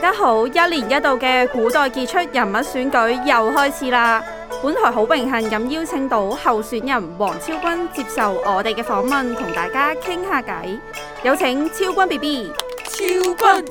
大家好，一年一度嘅古代傑出人物選舉又開始啦！本台好榮幸咁邀請到候選人王昭君接受我哋嘅訪問，同大家傾下偈。有請昭君 B B。昭君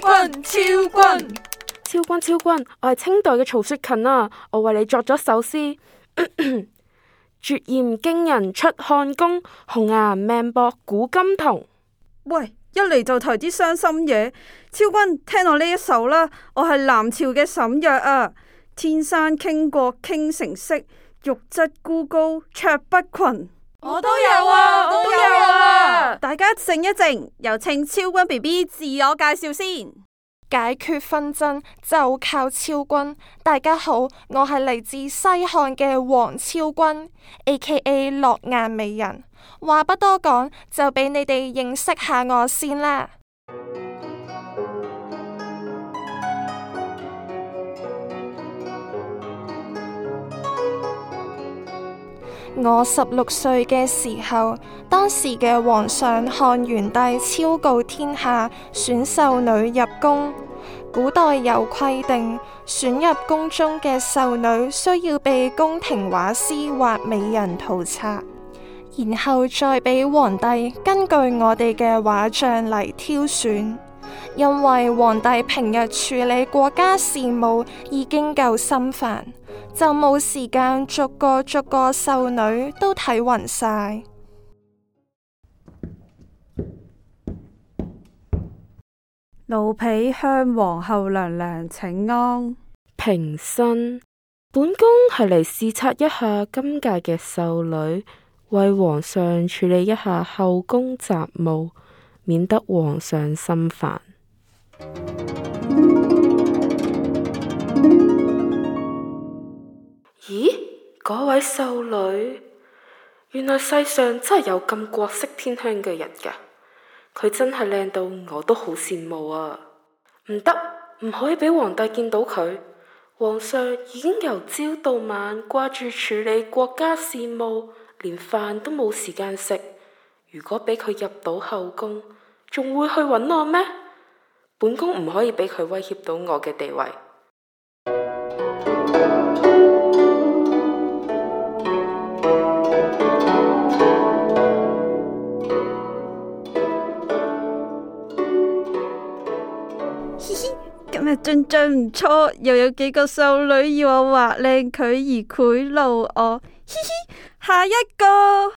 昭君昭君昭君昭君，我係清代嘅曹雪芹啊！我為你作咗首詩咳咳：絕艷驚人出漢宮，紅顏命薄古今同。喂。一嚟就提啲傷心嘢，昭君聽我呢一首啦。我係南朝嘅沈約啊，天生傾國傾城色，玉質孤高卓不群。我都有啊，我都有啊。大家靜一靜，有請昭君 BB 自我介紹先。解決紛爭就靠昭君。大家好，我係嚟自西漢嘅王昭君，AKA 落雁美人。話不多講，就俾你哋認識下我先啦。我十六歲嘅時候，當時嘅皇上漢元帝昭告天下，選秀女入宮。古代有規定，選入宮中嘅秀女需要被宮廷畫師或美人圖冊。然後再俾皇帝根據我哋嘅畫像嚟挑選，因為皇帝平日處理國家事務已經夠心煩，就冇時間逐個逐個秀女都睇暈晒。奴婢向皇后娘娘請安。平身。本宮係嚟視察一下今屆嘅秀女。為皇上處理一下後宮雜務，免得皇上心煩。咦？嗰位秀女，原來，世上真係有咁國色天香嘅人噶！佢真係靚到我都好羨慕啊！唔得，唔可以俾皇帝見到佢。皇上已經由朝到晚掛住處理國家事務。連飯都冇時間食，如果俾佢入到後宮，仲會去搵我咩？本宮唔可以俾佢威脅到我嘅地位。嘻嘻， 今日進進唔錯，又有幾個秀女要我畫靚佢而賄賂我，嘻嘻。 下一個。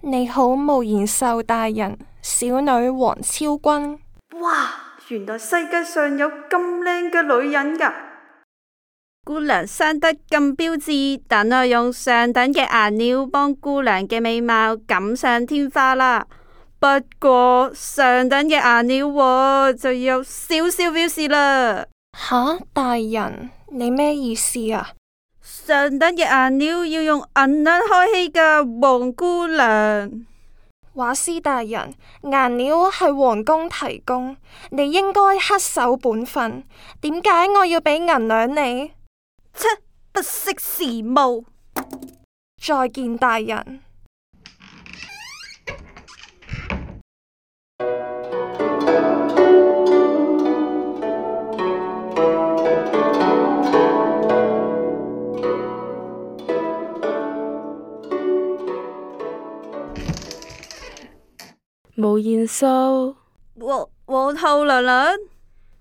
你好，無言壽大人，小女王昭君。哇，原來世界上有咁靚嘅女人噶，姑娘生得咁標致，等我用上等嘅顏料幫姑娘嘅美貌錦上添花啦。不過上等嘅顏料就要少少表示啦。吓，大人，你咩意思啊？上等嘅顏料要用銀兩開起㗎，王姑娘。畫師大人，顏料係皇宮提供，你應該恪守本分。點解我要畀銀兩你？切，不識時務。再見，大人。賢淑，皇皇后娘娘。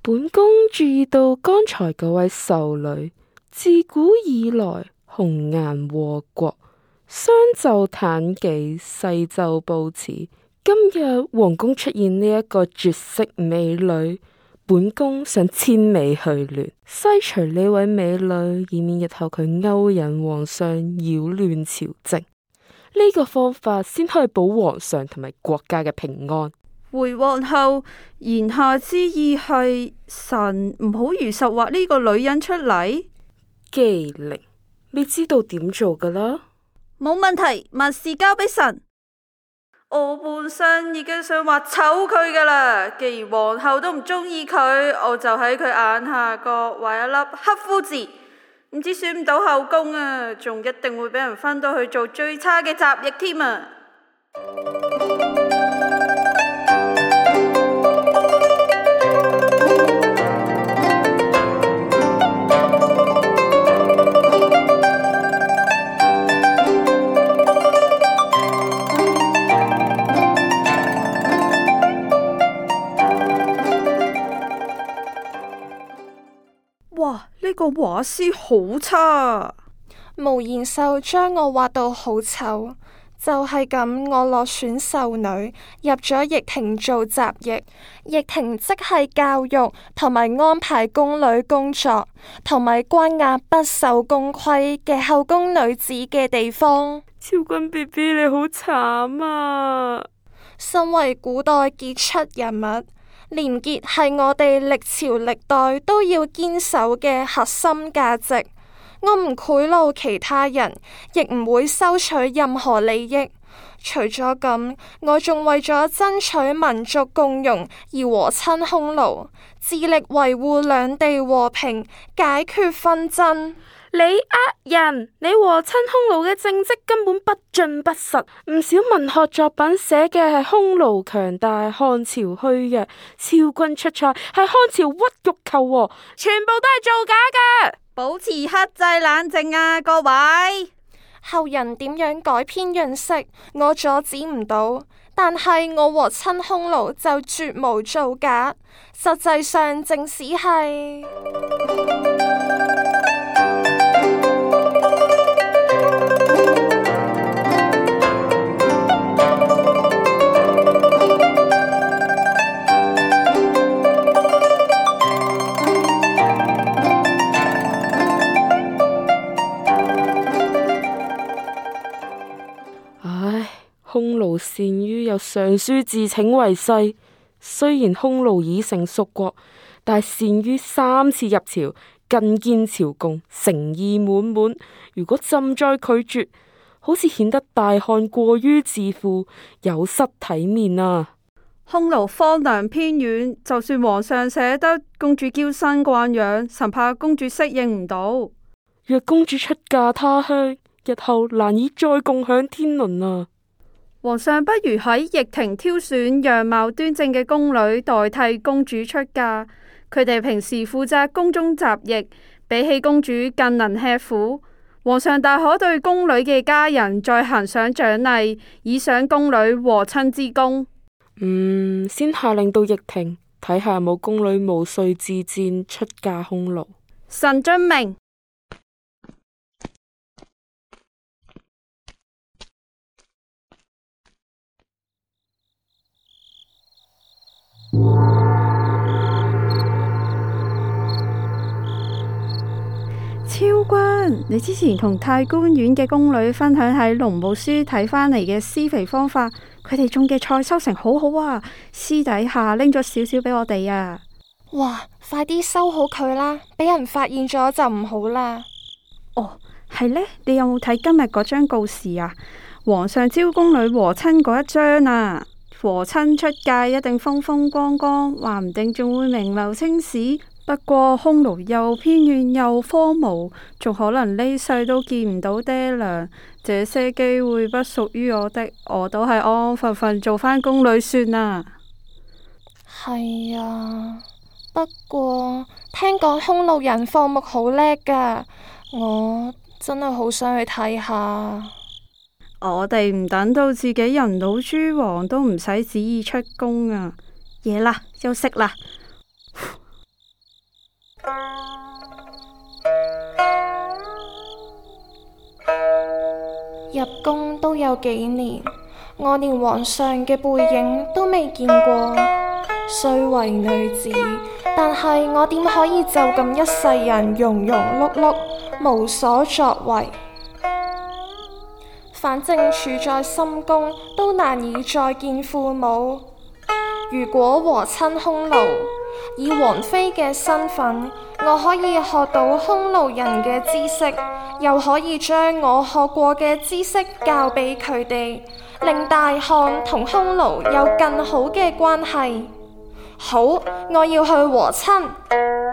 本宮注意到剛才嗰位秀女，自古以來紅顏禍國，商就妲己，西就褒姒，今日皇宮出現呢一個絕色美女，本宮想千美去亂，篩除呢位美女，以免日後佢勾引皇上，擾亂朝政。呢個方法先可以保皇上同埋國家嘅平安。回皇后，言下之意係臣唔好如實畫呢個女人出嚟。機靈，你知道點做噶啦？冇問題，萬事交俾臣。我本身已經想畫醜佢噶啦，既然皇后都唔中意佢，我就喺佢眼下角畫,畫一粒黑夫子。唔知選唔到後宮啊，仲一定會俾人分到去做最差嘅雜役添啊！ 哇！呢、這個畫師好差，毛延壽將我畫到好醜，就係、是、咁我落選秀女，入咗掖庭做雜役，掖庭即係教育同埋安排宮女工作，同埋關押不受宮規嘅後宮女子嘅地方。昭君 B B 你好慘啊！身為古代傑出人物。廉潔係我哋歷朝歷代都要堅守嘅核心價值。我唔賄賂其他人，亦唔會收取任何利益。除咗咁，我仲為咗爭取民族共榮而和親匈奴，致力維護兩地和平，解決紛爭。你呃人，你和親匈奴嘅政績根本不盡不實，唔少文學作品寫嘅係匈奴強大，漢朝虛弱，昭君出塞係漢朝屈辱求和，全部都係造假㗎。保持克制冷靜啊，各位！後人點樣改編潤色，我阻止唔到，但係我和親匈奴就絕無造假，實際上正史係。匈奴單于有上書自請為婿。雖然匈奴已成屬國，但單于三次入朝，更見朝貢，誠意滿滿。如果朕再拒絕，好似顯得大漢過於自負，有失體面啊！匈奴荒涼偏遠，就算皇上捨得公主嬌生慣養，臣怕公主適應唔到。若公主出嫁他鄉，日後難以再共享天倫啊！皇上不如喺掖庭挑選樣貌端正嘅宮女代替公主出嫁，佢哋平時負責宮中雜役，比起公主更能吃苦。皇上大可對宮女嘅家人再行賞獎勵，以賞宮女和親之功。嗯，先下令到掖庭睇下冇宮女無序自薦出嫁匈奴。臣遵命。昭君，你之前同太官院嘅宮女分享喺農務書睇返嚟嘅施肥方法，佢哋種嘅菜收成好好啊！私底下拎咗少少俾我哋啊！哇，快啲收好佢啦，俾人發現咗就唔好啦。哦，係呢，你有冇睇今日嗰張告示啊？皇上招宮女和親嗰一張啊！和親出嫁一定風風光光，話唔定仲會名留青史。不過匈奴又偏遠又荒蕪，仲可能呢世都見唔到爹娘。這些機會不屬於我的，我都係安安分分做返宮女算啦。係啊，不過聽講匈奴人放牧好叻噶，我真係好想去睇下。我哋唔等到自己人老珠黃都唔使旨意出宮啊！夜啦，休息啦。 入宮都有幾年，我連皇上嘅背影都未見過。雖為女子，但係我點可以就咁一世人庸庸碌碌，無所作為？反正處在深宮，都難以再見父母。如果和親匈奴，以王妃嘅身份，我可以學到匈奴人嘅知識，又可以將我學過嘅知識教俾佢哋，令大漢同匈奴有更好嘅關係。好，我要去和親。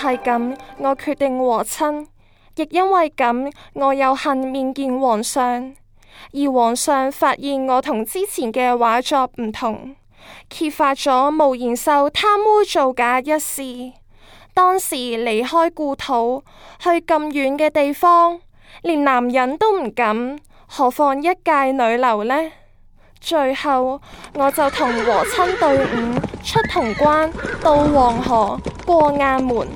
係咁，我決定和親，亦因為咁，我有幸面見皇上。而皇上發現我同之前嘅畫作唔同，揭發咗毛延壽貪污造假一事。當時離開故土去咁遠嘅地方，連男人都唔敢，何況一介女流呢？最後，我就同和親隊伍出潼關，到黃河過雁門，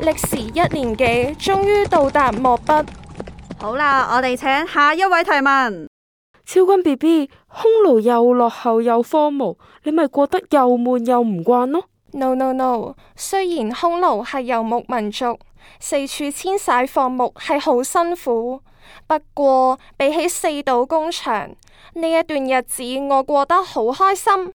歷時一年幾，終於到達漠北。好啦，我哋請下一位提問。昭君 BB，匈奴又落後又荒蕪，你咪過得又悶又唔慣咯？No no no，雖然匈奴係游牧民族，四處遷徙放牧係好辛苦。不過比起四道工場呢一段日子，我過得好開心。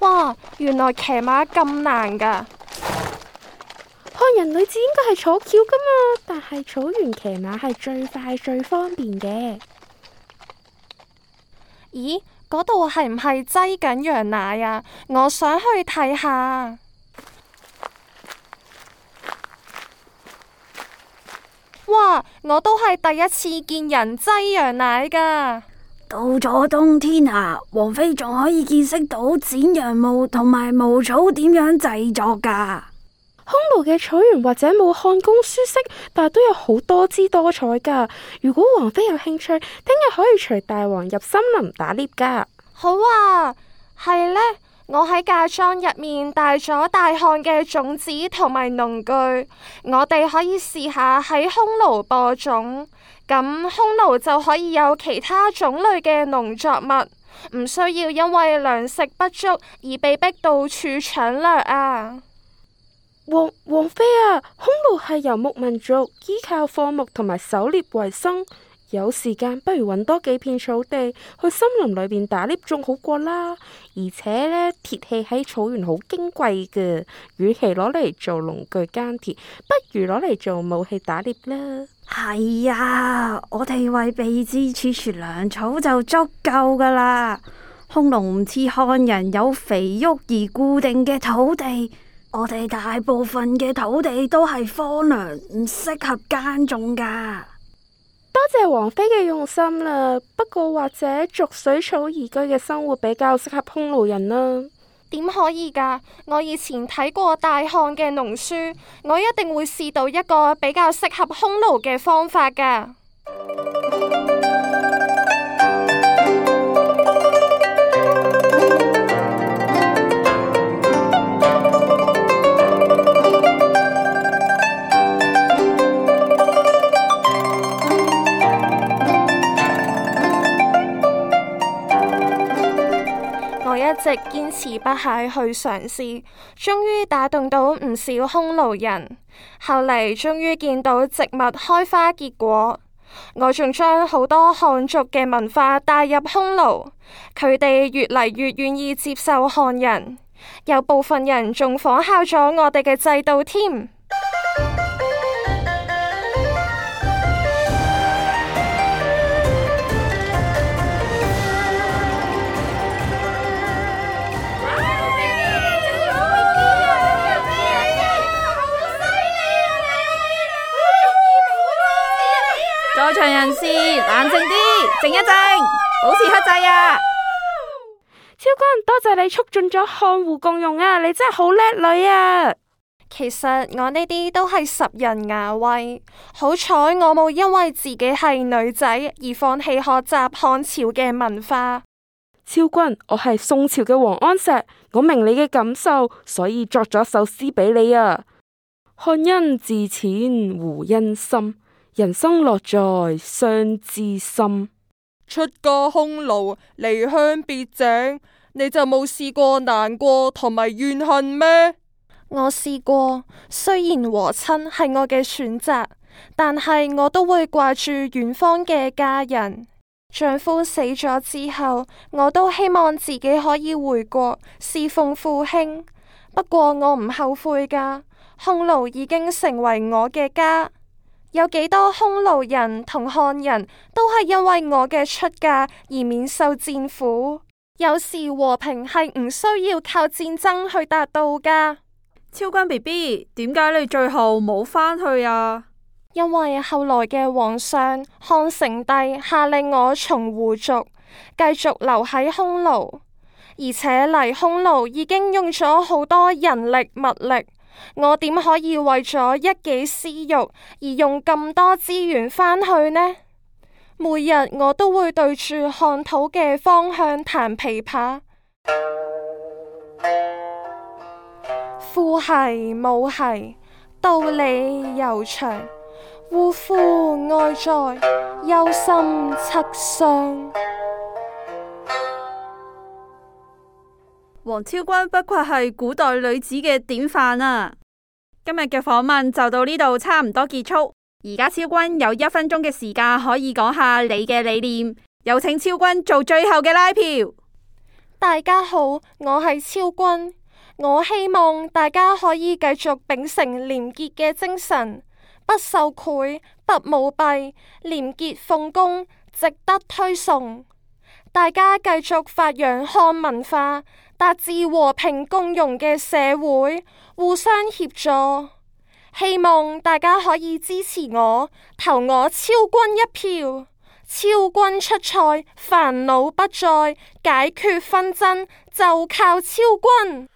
哇，原來騎馬咁難噶！係草橋噶嘛，但係草原騎馬係最快最方便嘅。咦，嗰度係唔係擠緊羊奶啊？我想去睇下。哇，我都係第一次見人擠羊奶噶。到咗冬天啊，王妃仲可以見識到剪羊毛同埋毛草點樣製作噶。匈奴嘅草原或者冇漢宮舒適，但係都有好多姿多彩噶。如果王妃有興趣，聽日可以隨大王入森林打獵噶。好啊，係咧，我喺嫁妝入面帶咗大漢嘅種子同埋農具，我哋可以試下喺匈奴播種，咁匈奴就可以有其他種類嘅農作物，唔需要因為糧食不足而被逼到處搶掠啊。王王妃啊，匈奴係游牧民族，依靠放牧同埋狩獵為生。有時間不如搵多幾片草地去森林裏邊打獵，仲好過啦。而且呢，鐵器喺草原好矜貴嘅，與其攞嚟做農具耕田，不如攞嚟做武器打獵啦。係呀、啊，我哋為避之儲存糧草就足夠噶啦。匈奴唔似漢人有肥沃而固定嘅土地。我哋大部分嘅土地都係荒涼，唔適合耕種噶。多謝王妃嘅用心啦。不過或者逐水草而居嘅生活比較適合匈奴人啦。點可以噶？我以前睇過大漢嘅農書，我一定會試到一個比較適合匈奴嘅方法噶。一直堅持不懈去嘗試，終於打動到唔少匈奴人。後嚟終於見到植物開花結果，我仲將好多漢族嘅文化帶入匈奴。佢哋越嚟越願意接受漢人。有部分人仲仿效咗我哋嘅制度添。靜一靜，保持克制啊！昭君，多謝你促進咗漢胡共融啊！你真係好叻女啊！其實我呢啲都係十人牙威，好彩我冇因為自己係女仔而放棄學習漢朝嘅文化。昭君，我係宋朝嘅王安石，我明你嘅感受，所以作咗首詩俾你啊！漢恩自淺胡恩深，人生樂在相知心。出家匈奴，離鄉別井，你就冇試過難過同埋怨恨咩？我試過，雖然和親係我嘅選擇，但係我都會掛住遠方嘅家人。丈夫死咗之後，我都希望自己可以回國侍奉父兄。不過我唔後悔噶，匈奴已經成為我嘅家。有幾多匈奴人同漢人都係因為我嘅出嫁而免受戰苦。有時和平係唔需要靠戰爭去達到㗎。超君 BB，點解你最後冇返去啊？因為後來嘅皇上漢成帝下令我從胡族繼續留喺匈奴，而且嚟匈奴已經用咗好多人力物力。我點可以為咗一己私欲而用咁多資源返去呢？每日我都會對住漢土嘅方向彈琵琶，父系母系道理悠長，嗚呼哀哉，憂心七傷。王昭君不愧係古代女子嘅典範啊！今日嘅訪問就到呢度，差唔多結束。而家昭君有一分鐘嘅時間，可以講下你嘅理念。有請昭君做最後嘅拉票。大家好，我係昭君。我希望大家可以繼續秉承廉潔嘅精神，不受賄，不舞弊，廉潔奉公，值得推崇。大家繼續發揚漢文化。達至和平共融嘅社會，互相協助，希望大家可以支持我，投我昭君一票，昭君出塞，煩惱不再，解決紛爭就靠昭君。